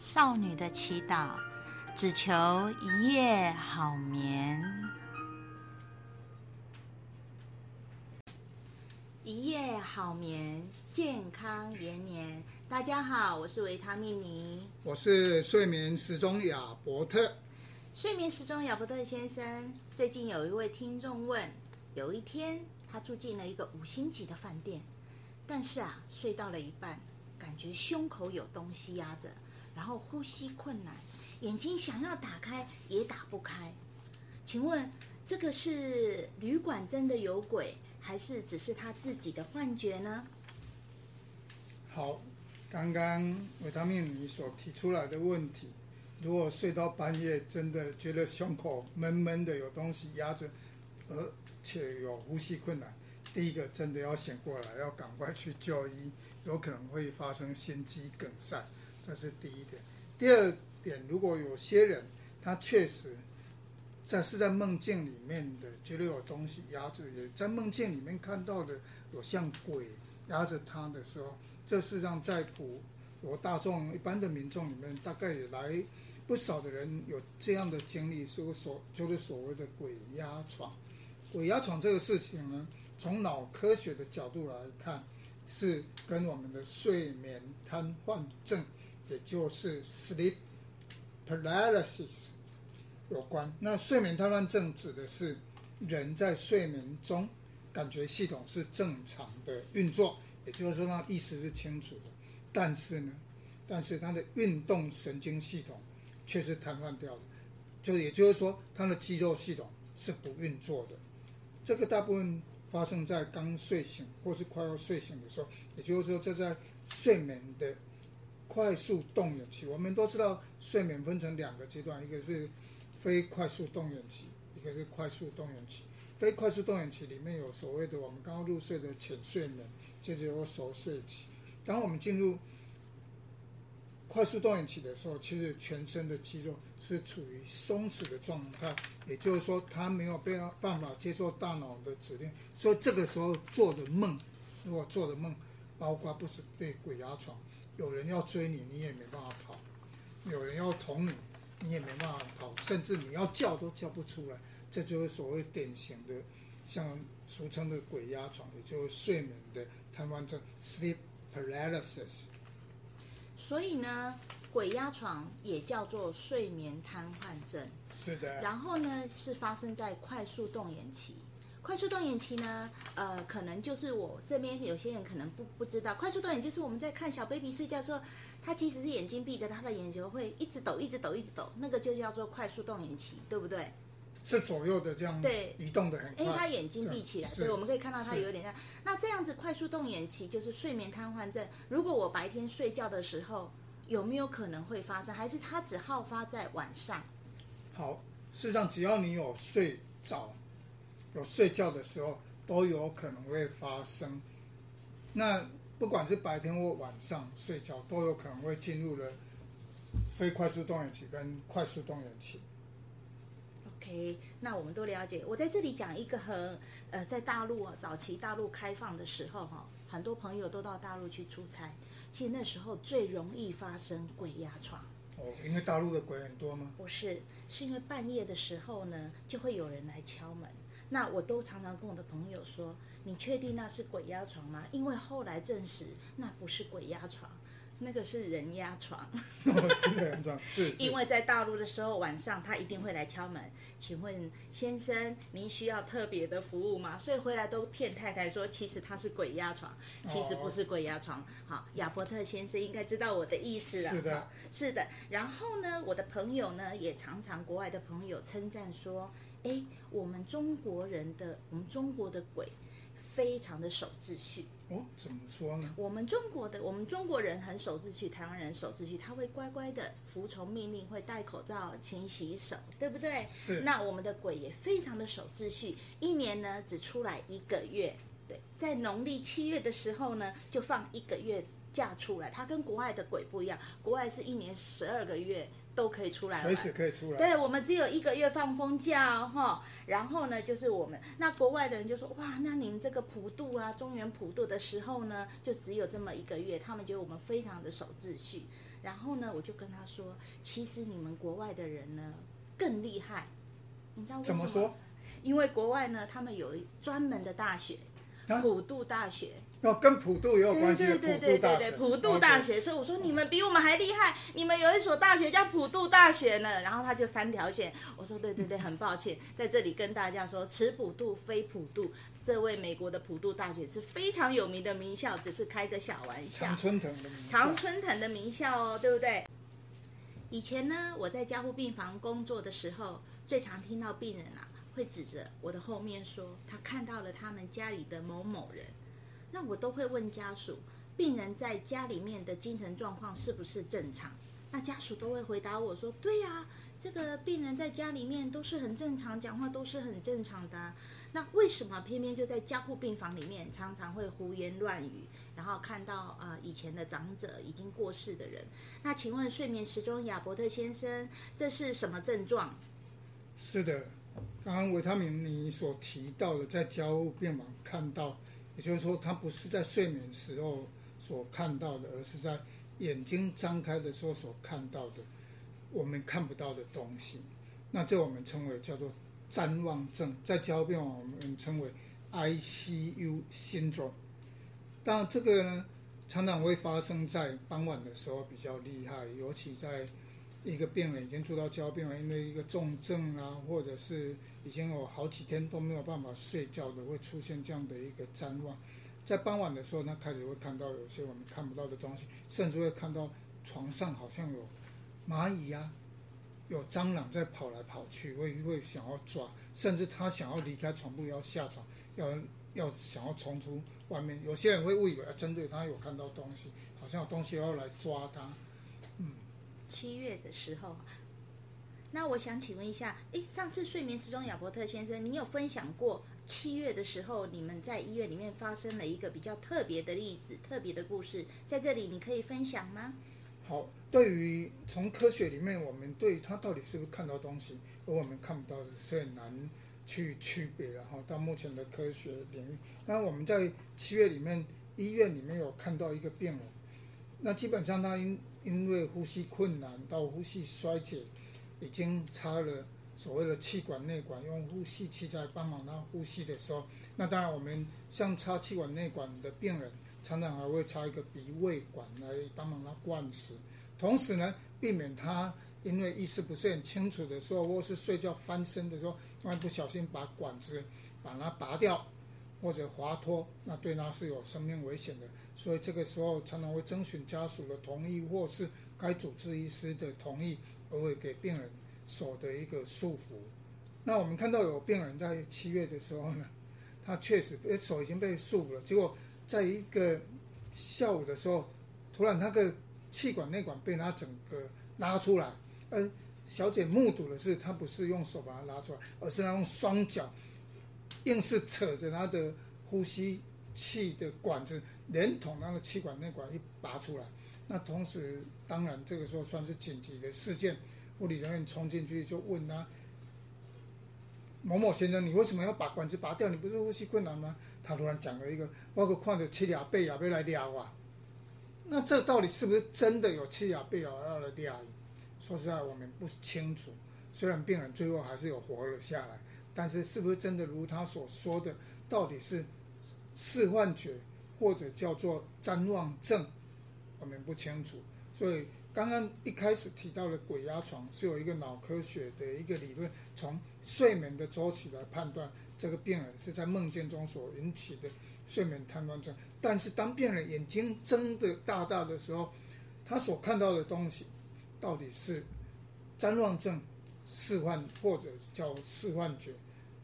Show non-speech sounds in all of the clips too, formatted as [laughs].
少女的祈禱，只求一夜好眠。一夜好眠，健康延年。大家好，我是維他命妮，我是睡眠時鐘亞伯特。睡眠時鐘亞伯特先生，最近有一位聽眾問，有一天，他住進了一個五星級的飯店，但是啊，睡到了一半，感覺胸口有東西壓着。然後呼吸困難，眼睛想要打開也打不開，請問這個是旅館真的有鬼，還是只是他自己的幻覺呢？好，剛剛維他命你所提出來的問題，如果睡到半夜真的覺得胸口悶悶的，有東西壓着，而且有呼吸困難，第一個真的要醒過來，要趕快去就醫，有可能會發生心肌梗塞。這是第一點，第二點，如果有些人他確實在是在夢境裡面的，覺得有東西壓着，也在夢境裡面看到的有像鬼壓着他的時候，這是讓在普羅大眾一般的民眾裡面，大概也來不少的人有這樣的經歷，說所就是所謂的鬼壓床。鬼壓床這個事情呢，從腦科學的角度來看，是跟我們的睡眠癱瘓症。也就是 sleep paralysis 有關。那睡眠癱瘓症指的是人在睡眠中感覺系統，是正常的運作，也就是說，他意識是清楚的。但是呢，但是他的運動神經系統卻是癱瘓掉的，就也就是說，他的肌肉系統是不運作的。這個大部分發生在剛睡醒或是快要睡醒的時候，也就是說，這在睡眠的。快速動眼期，我們都知道，睡眠分成兩個階段，一個是非快速動眼期，一個是快速動眼期。非快速動眼期裡面有所謂的我們剛剛入睡的淺睡眠，接着有熟睡期。當我們進入快速動眼期的時候，其實全身的肌肉是處於鬆弛的狀態，也就是說，他沒有辦法接受大腦的指令，所以這個時候做的夢，如果做的夢，包括不是被鬼壓床。有人要追你，你也沒辦法跑；有人要捅你，你也沒辦法跑；甚至你要叫都叫不出來。這就是所謂典型的，像俗稱的“鬼壓床”，也就是睡眠的癱瘓症 （sleep paralysis）。所以呢，鬼壓床也叫做睡眠癱瘓症。是的。然後呢，是發生在快速動眼期。快速動眼期呢？呃，可能就是我這邊有些人可能不不知道，快速動眼就是我們在看小 baby 睡覺的時候，他其實是眼睛閉着，他的眼球會一直抖，一直抖，一直抖，一直抖，那個就叫做快速動眼期，對不對？是左右的這樣對移動的很快。因為他眼睛閉起來，所以我們可以看到他有點像。那這樣子快速動眼期就是睡眠癱瘓症。如果我白天睡覺的時候有沒有可能會發生？還是他只好發在晚上？好，事實上只要你有睡着有睡覺的時候都有可能會發生，那不管是白天或晚上睡覺都有可能會進入了非快速動眼期跟快速動眼期。OK，那我們都了解。我在這裡講一個和呃，在大陸啊，早期大陸開放的時候哈，很多朋友都到大陸去出差，其實那時候最容易發生鬼壓床。哦，因為大陸的鬼很多嗎？不是，是因為半夜的時候呢，就會有人來敲門。那我都常常跟我的朋友說：“你確定那是鬼壓床嗎？”因為後來證實那不是鬼壓床，那個是人壓床。 [laughs] 哦、是的，是的，是的。因為在大陸的時候，晚上他一定會來敲門，請問先生，您需要特別的服務嗎？所以回來都騙太太說，其實他是鬼壓床，其實不是鬼壓床。哦。好，亞伯特先生應該知道我的意思了。是的，是的。然後呢，我的朋友呢，也常常國外的朋友稱讚說。哎、欸，我們中國人的，我們中國的鬼，非常的守秩序。哦，怎麼說呢？我們中國的，我們中國人很守秩序，台灣人守秩序，他會乖乖的服從命令，會戴口罩、勤洗手，對不對？是。那我們的鬼也非常的守秩序，一年呢只出來一個月，對，在農曆七月的時候呢就放一個月假出來。他跟國外的鬼不一樣，國外是一年十二個月，都可以出來，隨時可以出來。對，我們只有一個月放風假哈、哦，然後呢，就是我們那國外的人就說哇，那你們這個普渡啊，中原普渡的時候呢，就只有這麼一個月，他們覺得我們非常的守秩序。然後呢，我就跟他說，其實你們國外的人呢更厲害，你知道為什麼？怎麼說？因為國外呢，他們有專門的大學、啊，普渡大學。哦，跟普渡也有關係，普渡大學。普渡大學，OK，所以我說你們比我們還厲害，你們有一所大學叫普渡大學呢。然後他就三條線，我說對對對，很抱歉，在這裡跟大家說，此普渡非普渡，這位美國的普渡大學是非常有名的名校，只是開個小玩笑。常春藤的名校。常春藤的名校哦，對不對？以前呢，我在加護病房工作的時候，最常聽到病人啊，會指着我的後面說，他看到了他們家裡的某某人。那我都會問家屬，病人在家裡面的精神狀況是不是正常？那家屬都會回答我說：“對呀、啊，這個病人在家裡面都是很正常，講話都是很正常的、啊。”那為什麼偏偏就在加護病房裡面常常會胡言亂語？然後看到呃以前的長者、已經過世的人，那請問睡眠時鐘亞伯特先生，這是什麼症狀？是的，剛剛維他命你所提到的，在加護病房看到，也就是說，他不是在睡眠時候所看到的，而是在眼睛張開的時候所看到的，我們看不到的東西。那這我們稱為叫做譫妄症，在交片我們稱為 ICU syndrome。當然，這個呢常常會發生在傍晚的時候比較厲害，尤其在。一個病人已經住到交病了，因為一個重症啊，或者是已經有好幾天都沒有辦法睡覺的，會出現這樣的一個譫妄。在傍晚的時候呢，他開始會看到有些我們看不到的東西，甚至會看到床上好像有螞蟻啊，有蟑螂在跑來跑去，會會想要抓，甚至他想要離開床鋪要下床，要要想要衝出外面。有些人會誤以為、啊、要針對他有看到東西，好像有東西要來抓他。七月的時候，那我想請問一下，哎、欸，上次睡眠時鐘亞伯特先生，你有分享過七月的時候，你們在醫院裡面發生了一個比較特別的例子、特別的故事，在這裡你可以分享嗎？好，對於從科學裡面，我們對於他到底是不是看到東西，而我們看不到的，是很難去區別。然後到目前的科學領域，那我們在七月裡面醫院裡面有看到一個病人，那基本上他應。因為呼吸困難到呼吸衰竭，已經插了所謂的氣管內管，用呼吸器在幫忙他呼吸的時候，那當然我們像插氣管內管的病人，常常還會插一個鼻胃管來幫忙他灌食，同時呢，避免他因為意識不是很清楚的時候，或是睡覺翻身的時候，萬一不小心把管子把它拔掉。或者滑脫，那對他是有生命危險的，所以這個時候常常會徵詢家屬的同意，或是該主治醫師的同意，而會給病人手的一個束縛。那我們看到有病人在七月的時候呢，他確實、欸、手已經被束縛了，結果在一個下午的時候，突然那個氣管內管被他整個拉出來，而小姐目睹的是他不是用手把它拉出來，而是他用雙腳。硬是扯着他的呼吸器的管子，連同他的氣管內管一拔出來。那同時，當然這個時候算是緊急的事件，護理人員衝進去就問他：“某某先生，你為什麼要把管子拔掉？你不是呼吸困難嗎？”他突然講了一個：“我括看到七爺八爺要來抓啊，那這到底是不是真的有七爺八爺要來抓？說實在，我們不清楚。雖然病人最後還是有活了下來。但是是不是真的如他所說的，到底是視幻覺或者叫做譫妄症，我們不清楚。所以剛剛一開始提到的鬼壓床，是有一個腦科學的一個理論，從睡眠的周期來判斷這個病人是在夢境中所引起的睡眠癱瘓症。但是當病人眼睛睜得大大的時候，他所看到的東西到底是譫妄症、視幻或者叫視幻覺？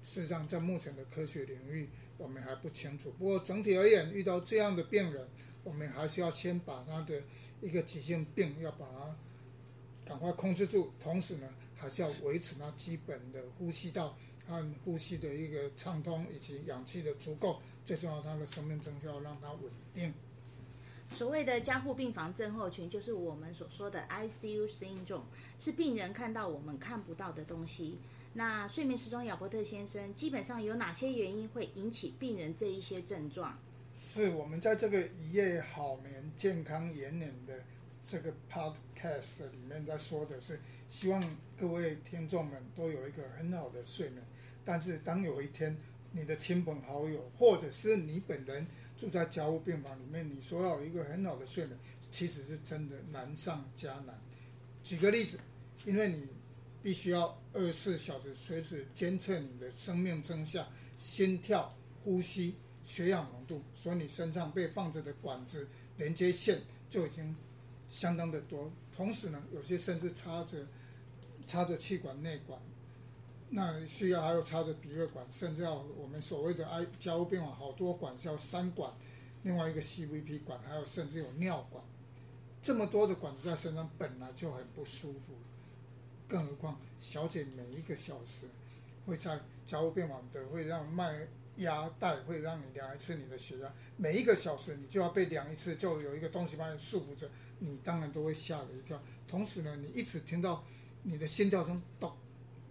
事實上，在目前的科學領域，我們還不清楚。不過，整體而言，遇到這樣的病人，我們還是要先把他的一個急性病要把它趕快控制住，同時呢，還是要維持他基本的呼吸道、和呼吸的一個暢通，以及氧氣的足夠。最重要，他的生命徵需要讓它穩定。所謂的加護病房症候群，就是我們所說的 ICU Syndrome，是病人看到我們看不到的東西。那睡眠時鐘，亞伯特先生，基本上有哪些原因會引起病人這一些症狀？是我們在這個一夜好眠健康延年的這個 podcast 裡面在說的是，希望各位聽眾們都有一個很好的睡眠。但是，當有一天你的親朋好友，或者是你本人住在加護病房裡面，你說要有一個很好的睡眠，其實是真的難上加難。舉個例子，因為你。必須要二十四小時隨時監測你的生命徵象、心跳、呼吸、血氧濃度，所以你身上被放着的管子、連接線就已經相當的多。同時呢，有些甚至插着插着氣管內管，那需要還要插着鼻胃管，甚至要我們所謂的加護病房好多管，叫三管，另外一個 CVP 管，還有甚至有尿管，這麼多的管子在身上本來就很不舒服了。更何況，小姐每一個小時會在家務便網的會讓賣鴨帶，會讓你量一次你的血壓。每一個小時你就要被量一次，就有一個東西把你束縛着，你當然都會嚇了一跳。同時呢，你一直聽到你的心跳聲咚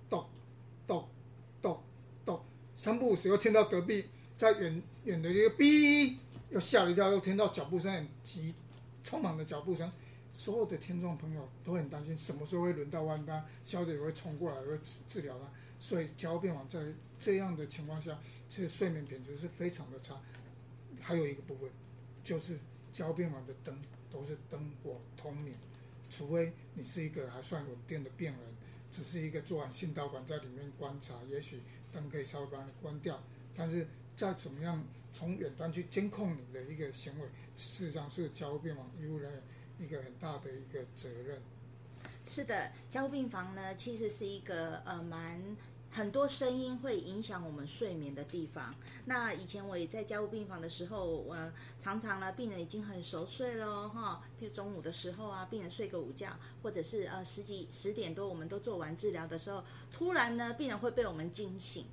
咚咚咚咚，三不五時又聽到隔壁在遠遠的這個嗶，又嚇了一跳，又聽到腳步聲，很急匆忙的腳步聲。所有的聽眾朋友都很擔心，什麼時候會輪到彎消小姐也會衝過來，會治治療他。所以加護病房在這樣的情況下，其實睡眠品質是非常的差。還有一個部分，就是加護病房的燈都是燈火通明，除非你是一個還算穩定的病人，只是一個做完心導管在裡面觀察，也許燈可以稍微把它關掉。但是，再怎麼樣從遠端去監控你的一個行為，事實上是加護病房醫務人員。醫一個很大的一個責任，是的，加護病房呢，其實是一個呃蠻很多聲音會影響我們睡眠的地方。那以前我也在加護病房的時候，我、呃、常常呢，病人已經很熟睡了哈，譬如中午的時候啊，病人睡個午覺，或者是呃十幾十點多，我們都做完治療的時候，突然呢，病人會被我們驚醒。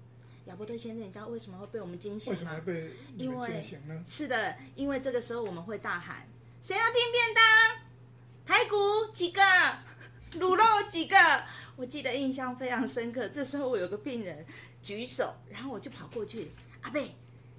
亞伯特先生，你知道為什麼會被我們驚醒嗎？為什麼被你們驚醒呢？是的，因為這個時候我們會大喊。誰要訂便當？排骨幾個？滷肉幾個？我記得印象非常深刻。這時候我有個病人舉手，然後我就跑過去。阿伯，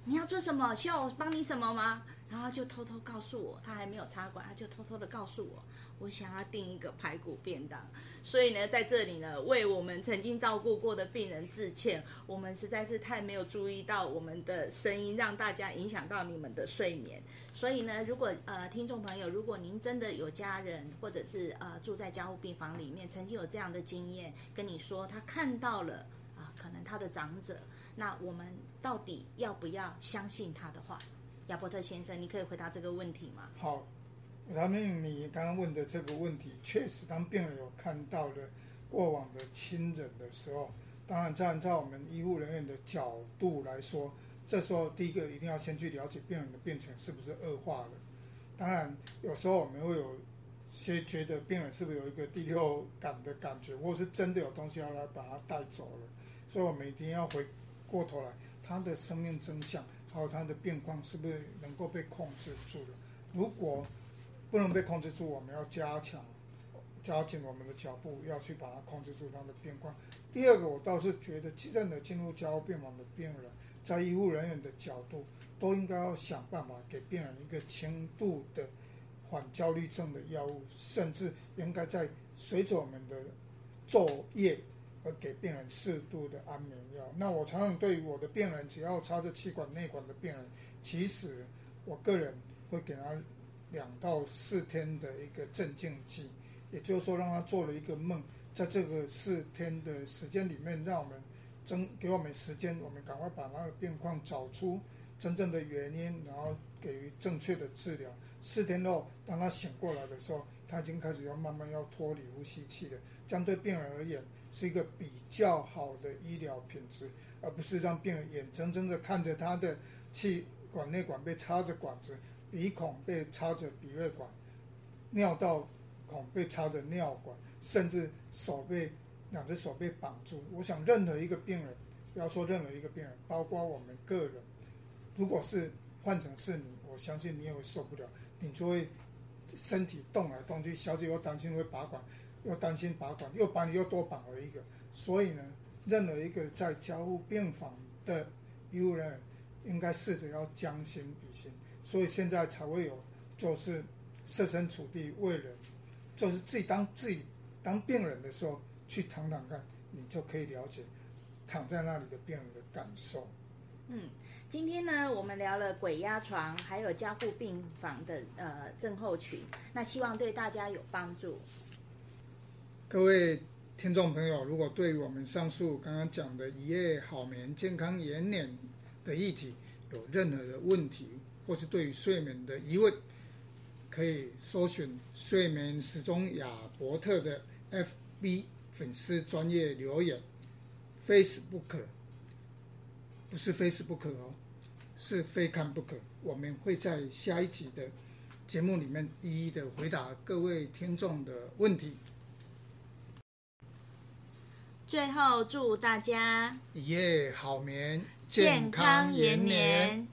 你要做什麼？需要我幫你什麼嗎？然後就偷偷告訴我，他還沒有插管，他就偷偷的告訴我，我想要訂一個排骨便當。所以呢，在這裡呢，為我們曾經照顧過的病人致歉，我們實在是太沒有注意到我們的聲音，讓大家影響到你們的睡眠。所以呢，如果呃聽眾朋友，如果您真的有家人或者是呃住在加護病房裡面，曾經有這樣的經驗，跟你說他看到了啊、呃，可能他的長者，那我們到底要不要相信他的話？亞伯特先生，你可以回答這個問題嗎？好，然後你剛剛問的這個問題，確實，當病人有看到了過往的親人的時候，當然，站在我們醫護人員的角度來說，這時候第一個一定要先去了解病人的病情是不是惡化了。當然，有時候我們會有些覺得病人是不是有一個第六感的感覺，或是真的有東西要來把他帶走了，所以，我們一定要回過頭來。他的生命真相，還有他的病況是不是能夠被控制住了？如果不能被控制住，我們要加強、加緊我們的腳步，要去把它控制住他的病況。第二個，我倒是覺得，任何進入加護病房的病人，在醫務人員的角度，都應該要想辦法給病人一個輕度的緩焦慮症的藥物，甚至應該在隨着我們的作業。而給病人適度的安眠藥。那我常常對於我的病人，只要插着氣管內管的病人，其實我個人會給他兩到四天的一個鎮靜劑，也就是說讓他做了一個夢，在這個四天的時間裡面，讓我們增給我們時間，我們趕快把那個病況找出真正的原因，然後給予正確的治療。四天後，當他醒過來的時候，他已經開始要慢慢要脫離呼吸器了。這樣對病人而言。是一個比較好的醫療品質，而不是讓病人眼睜睜的看着他的氣管內管被插着管子，鼻孔被插着鼻胃管，尿道孔被插着尿管，甚至手被兩隻手被綁住。我想任何一個病人，不要說任何一個病人，包括我們個人，如果是換成是你，我相信你也會受不了，你就會身體動來動去，小姐，我擔心會拔管。又擔心拔管，又把你又多綁了一個，所以呢，任何一個在加護病房的醫護人員，應該試着要將心比心，所以現在才會有就是設身處地為人，就是自己當自己當病人的時候去躺躺看，你就可以了解躺在那裡的病人的感受。嗯，今天呢，我們聊了鬼壓床，還有加護病房的呃症候群，那希望對大家有幫助。各位聽眾朋友，如果對於我們上述剛剛講的“一夜好眠，健康延年”的議題有任何的問題，或是對於睡眠的疑問，可以搜尋“睡眠時鐘亞伯特”的 FB 粉絲專業留言，非死不可，不是非死不可哦，是非看不可。我們會在下一集的節目裡面一一的回答各位聽眾的問題。最後，祝大家一夜好眠，健康延年。